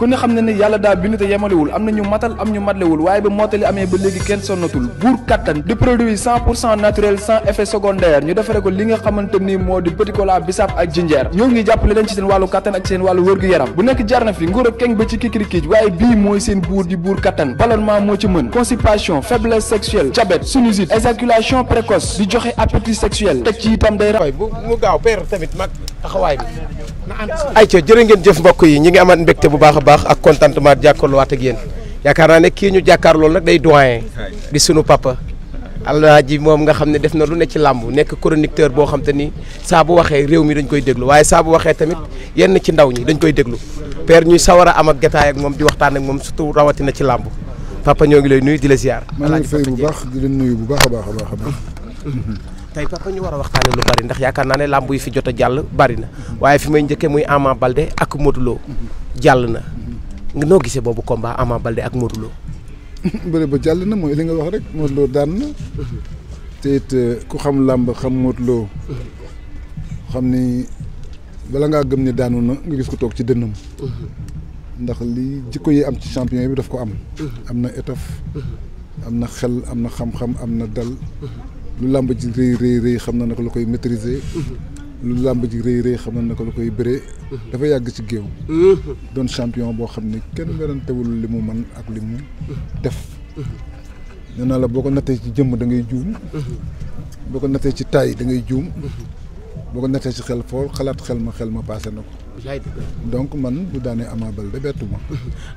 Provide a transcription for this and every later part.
ku ne xam ne ne yàlla daal bind te yemalewul am na ñu matal am ñu matlewul waaye ba mottali amee ba léegi kenn sonnatul buur kattan di produit cent pour cent naturel sans effet secondaire ñu defare ko li nga xamante ni moo di petit cola bisaab ak jinjeer ñoo ngi jàppale leen ci seen wàllu kattan ak seen wàllu wërgu yaram bu nekk jarna fi nguur ak keng ba ci kikirikiij waaye bii mooy seen buur di buur kattan ballonnement moo ci mën constipation faiblesse ci itam day ra bu mu gaaw père taxawaay bi ay ayca jërë ngeen jëf mbokk yi ñi ngi amaat mbégte bu baax a baax ak contentement jàkkaarloowaat ak yéen yaakaar naa ne kii ñu jàkkaarlool nag day doyen di sunu papa alaaji moom nga xam ne def na lu ne ci làmb nekk chroniqueur boo xam te ni saa bu waxee réew mi dañ koy déglu waaye saa bu waxee tamit yenn ci ndaw ñi dañ koy déglu père ñuy sawar a am ak jotaay ak moom di waxtaan ak moom surtout rawatina ci làmb papa ñoo ngi lay nuyu di la ziar. alaaji maa ngi nuyu bu baax baax a baax tey papa ñu war a waxtaane lu bari ndax yaakaar naa ne làmb yi fi jot a jàll bari na waaye fi may njëkkee muy Ama Baldé ak motuloo jàll na noo gisee boobu combat Ama Baldé ak motuloo bëri ba jàll na mooy li nga wax rek Modou Lo daan na te it euh, ku xam làmb xam Modou Lo xam ni bala ngaa gëm ni daanu na nga gis ko toog ci dënnam ndax li jikko yi am ci champion bi daf ko am am na étoffe am na xel am na xam-xam am na dal Mhm. lu làmb ji rëy rëy xam na naka lu koy maîtriser. lu làmb ji rëy rëy xam na ko lu koy bëree. Mhm. dafa yàgg ci géew. Mhm. doon champion boo xam ne kenn werantewul li mu man ak li mu def. nee naa la boo ko nattee ci jëmm da ngay juum. boo ko nattee ci taay da ngay juum. boo ko nattee ci xel foo xalaat xel ma xel na ko. donc man bu daanee Ama Baldé bettu ma.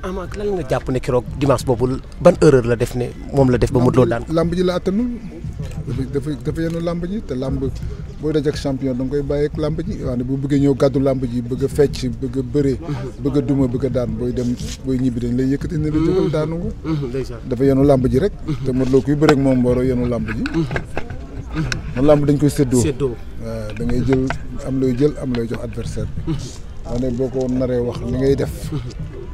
Ama lan nga jàpp ne keroog dimanche boobu ban erreur la def ne moom la def ba mu. daan làmb ji la attanul. dafa dafa dafa ji te làmb boo daj ak champion da nga koy bàyyi ak làmb ji waaw ne bu bëggee ñëw gàddu làmb ji bëgg a fecc bëgg a bëre bëgg a duma bëgg daan booy dem booy ñibbi dañ lay yëkkati ne la mm-hmm. jógal daanu nga mm-hmm. dafa yenu làmb ji rek te Modou Lo kuy bëre ak moom waroo yenu làmb ji man mm-hmm. làmb dañ koy séddoo waaw da ngay jël am looy jël am looy jox adversaire maa ne boo ko naree wax li ngay def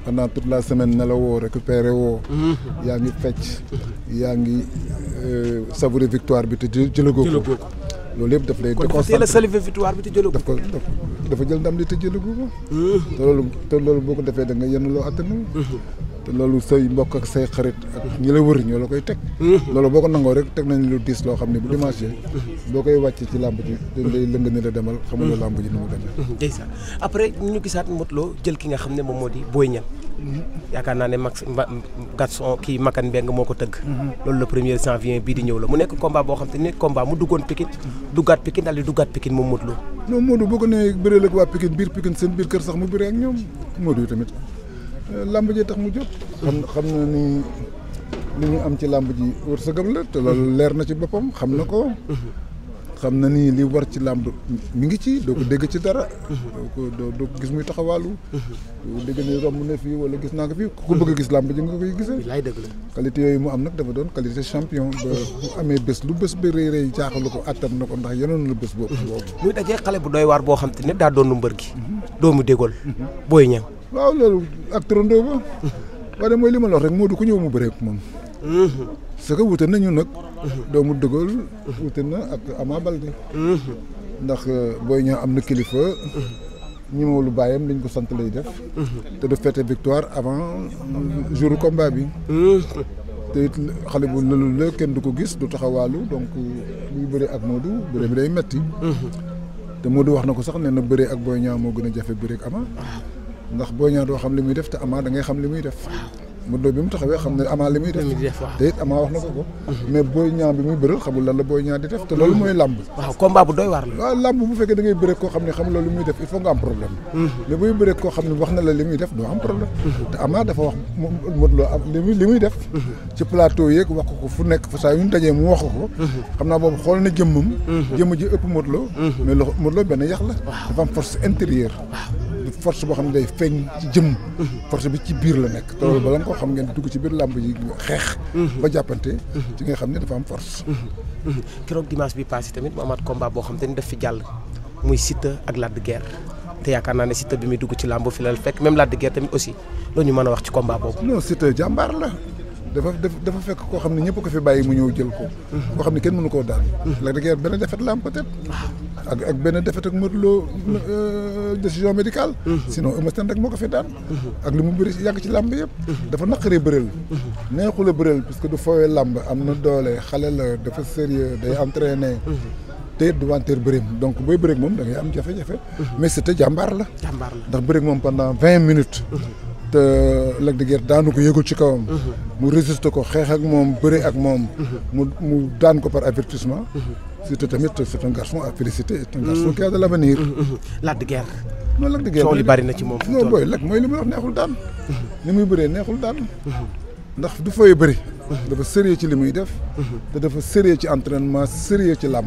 pendant toute la semaine nelawoo récupéré woo mhm. yaa ngi fecc yaa ngi euh, savouré victoire bi te jëlagoo ko loolu yëpp daf lay déconcentré salivé victoire bi te jëlagoo daf ko dafa jël ndam li te jëlagoo ko mhm. te loolu te loolu boo ko defee da nga yenn loo attanu mhm. te loolu say mbokk ak say xarit ak ñi la wër koy teg loolu boo ko nangoo rek teg nañ lu diis loo xam ne bu dimanche boo koy wàcc ci làmb ji dañ lay lëng ni la demal xamuloo làmb ji ni mu demee après ñu gisaat Modou Lo jël ki nga xam ne moom moo di Boy Niang yaakaar naa ne max Gaston kii Makan Mbeng moo ko tëgg. loolu le premier janvier bii di ñëw la mu nekk combat boo xam te ne combat mu duggoon Pikine. duggaat Pikine daal di duggaat Pikine moom Modou Lo. non Modou boo ko nee bëree la waa Pikine biir Pikine seen biir kër sax mu bëree ak ñoom Modou tamit euh, làmb ji tax mu jot. xam xam na ni li ñu am ci làmb ji wërsëgam la te loolu leer na ci boppam xam na ko. xam na ni li war ci làmb mu ngi ci doo ko mhm. dégg ci dara mhm. doo ko doo ko gis muy taxawaalu mhm. doo dégg ne romb na fii gis naa ko fii ku bëgg a gis làmb ji nga koy gisee qualité yooyu mu am nag dafa doon qualité champion ba amee bés lu bés bi rëy rëy ko attan na ko ndax yenoon lu bés boobu muy dajee xale bu doy waar boo xam te ne daa doon mbër gi mu dégool booy ñëw waaw loolu ak trondoo ba waaye mooy li ma la rek moo du ko ñëw mu bëreek moom c'est que wute nañu nag. doomu dëggal. wute na ak Ama Baldé. ndax euh, booy ñaa am na kilifa. ñi ma lu bàyyam liñ ko sant lay def. te du fête victoire avant jour combat bi. te it xale bu lëlul la kenn du ko gis du taxawaalu donc buy bëree ak moo Modou bëre bi day metti te moo Modou wax na ko sax nee na bëree ak Boy Niang moo gën a jafe bëree ak Ama ndax Boy Niang doo xam li muy def te amaa da ngay xam li muy def Modou Lo bi mu taxawee xam ne Ama li muy def te it Ama wax na ko ko mm-hmm. mais Boy Niang bi muy bëral xamul lan la Boy Niang di def te loolu mooy làmb waaw combat bu doy waar muy def il faut nga am problème mm-hmm. mais buy bëre koo def mm-hmm. ci plateau yeeg wax ko fu nekk fa saa yu ñu dajee mu wax ko xam naa boobu xool na jëmmam jëmm ji ëpp Modou mais Modou benn yax la dafa am force intérieure du force boo xam ne day feeñ ci jëm force bi ci biir la nekk te loolu bala nga ko xam ngeen dugg ci biir làmb yi xeex ba jàppante ci nga xam ne dafa am force keroog dimanche bi passé tamit mu amaat combat boo xam te ni daf fi jàll muy Siteu ak Lac de te yaakaar naa ne Siteu bi muy dugg ci làmb fi la fekk même Lac de tamit aussi loolu ñu mën a wax ci combat boobu non Siteu jàmbaar la dafa dafa fekk koo xam ne ñëpp ko fi bàyyi mu ñëw jël ko. koo xam ne kenn mënu koo daan. Lac de Guiers benn défaite la am peut-être. ak ak benn défaite ak Modou Lo euh, décision médicale. Mhm. sinon Eumeu Sène rek moo ko fi daan. Mhm. ak li mu bëri yàgg ci làmb yëpp. Mhm. dafa naqaree bëreel. neexul a bëreel parce que du foowee làmb am na doole xale la dafa sérieux day entraîné. te du wanteer bëreem donc booy bëreeg moom da ngay am jafe-jafe. mais c'était jàmbaar la. jàmbaar la ndax bëreeg moom pendant vingt te Lac de Guiers daanu ko yëgul ci kawam. Mhm. mu résister ko xeex ak moom bëri ak moom. Mhm. mu mu daan ko par avertissement. Mhm. surtout tamit c'est un garçon à féliciter. c'est un garçon qui a de l'avenir. Lac de Guiers. non Lac li bari na ci moom. mooy li muy wax neexul daan. ni muy bëree neexul daan. ndax du fooy bëri. dafa sérieux ci li muy def. te dafa sérieux ci entrainement sérieux ci làmb.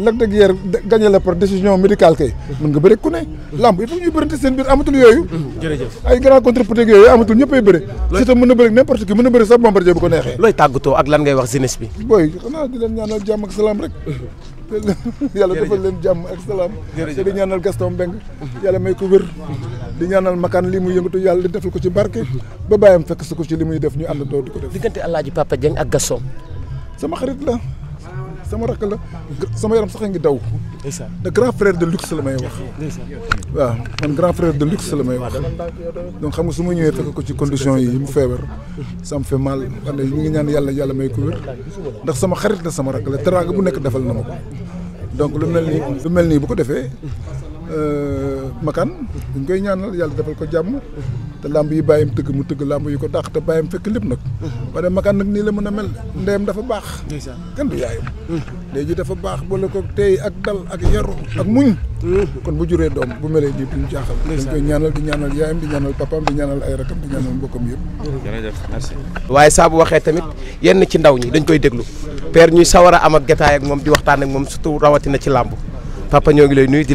Lac de Guiers gagné la par décision médical kay mën nga bëri ku ne lamb il faut ñuy bërante amatul yooyu jërëjëf ay grand contre péteg yooyu amatul ñëpp ay bëri si ta mën a bëri n'importe qui mën a bëri sax Bombardier bu ko neexee looy tàggatoo ak lan ngay wax jeunesse bi booy xanaa di leen jàmm ak salaam rek yàlla defal leen jàmm ak salaam te di ñaanal Gaston Mbengue yàlla may ko wér di ñaanal makaan lii muy yëngatu yàlla di defal ko ci barke ba bàyyam fekk su ko muy def ñu ànd doo di ko def diggante Alaaji Papa Dieng ak Gaston sama la sama rakk la sama yaram sax a ngi daw. de grand frère de luxe la may wax. waaw man grand frère de luxe la may wax. donc xam nga su ma ñëwee fekk ko ci condition yi mu feebar. ça me fait mal wax ne ngi ñaan yàlla yàlla may ko wér ndax sama xarit la sama rakk la teraanga bu nekk defal na ma ko. donc lu mel nii lu mel nii bu ko defee euh, makan dañ koy ñaanal yàlla defal ko jàmm. te làmb yi bàyyim tëgg mu tëgg làmb yi ko dàq te bàyyim fekk lépp nag mhm. ba ne nag nii la mën a mel ndeyam dafa baax kenn du yaayam mhm. léegi dafa baax boole ko tey ak dal ak yaru ak muñ mhm. kon bu juree doom bu melee nii duñ jaaxal dañ koy ñaanal di ñaanal yaayam di ñaanal papaam di ñaanal ay rakam di ñaanal mbokkam yëpp jërëjëf merci waaye saa waxee tamit yenn ci ndaw ñi dañ koy déglu père ñuy sawar a am ak gataay ak moom di waxtaan ak moom surtout rawatina ci làmb papa ñoo ngi lay nuyu di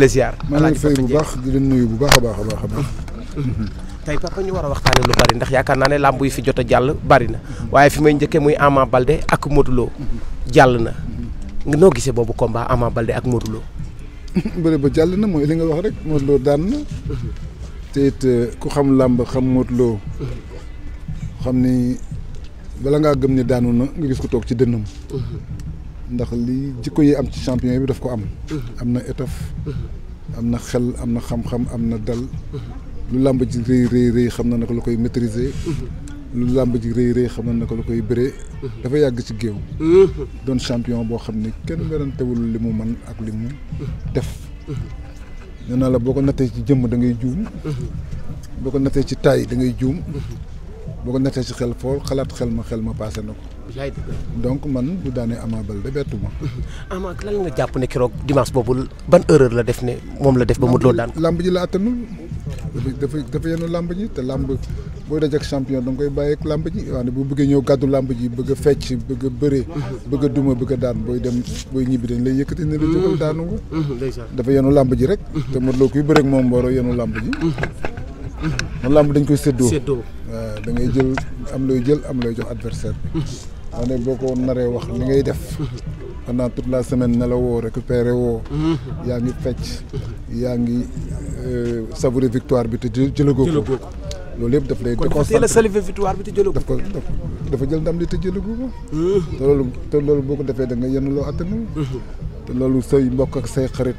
bu baax a baax a baax a tey papa ñu war a waxtaanee lu bari ndax yaakaar naa ne làmb yi fi jot a jàll bari na waaye fi may njëkkee muy Ama Balde ak motuloo jàll na noo gisee boobu combat amaa Balde ak motuloo Lo. ba jàll na mooy li nga wax rek Modou Lo daan na te it euh, ku xam làmb xam Modou Lo xam ni bala ngaa gëm ni daanu na nga gis ko toog ci dënnam ndax li jikko yi am ci champion bi daf ko am am na étoffe am na xel am na xam-xam am na dal lu làmb ji rëy rëy xam na naka lu koy maîtriser. lu làmb ji rëy rëy xam na ko la koy bëree. Mhm. dafa yàgg ci géew. Mhm. doon champion boo xam ne kenn werantewul li mu man ak li mu mhm. def. nee la boo ko nattee ci jëmm da ngay juum. boo ko nattee ci taay da ngay juum. boo ko nattee ci foo xalaat xel ma xel ma na ko. donc man bu daanee Ama Baldé bettu ma. Ama lan nga jàpp ne keroog dimanche boobu ban erreur la def ne moom la def. ba mu doon daan lamb ji la attanul. dafa dafa yenu làmb ji te làmb booy dajak champion da nga koy bàyyi ak làmb ji waaye bu bëggee ñëw gàddu làmb ji bëgg a fecc bëgg a bëre bëgg duma bëgg daan booy dem booy ñibbi dañ lay yëkkati ne la jógal daanu nga mm-hmm. dafa yenu làmb ji rek te Modou Lo kuy bëre ak moom mbooro yenu làmb ji mm-hmm. moom làmb dañ koy séddoo waaw da ngay jël am looy jël am looy jox adversaire bi daa mm-hmm. ne boo ko naree wax li ngay def pendant toute la semaine ne la woo récupéré woo yaa ngi fecc yaa ngi Euh, savourer victoire bi te jëlagoo ko loolu yëpp daf lay. déconcentré kon la salivé victoire bi te jëlagoo ko. daf dafa jël ndam li te jëlagoo ko. Euh. te loolu te loolu boo ko defee da nga yenn loo attanul. Euh. te loolu say mbokk ak say xarit.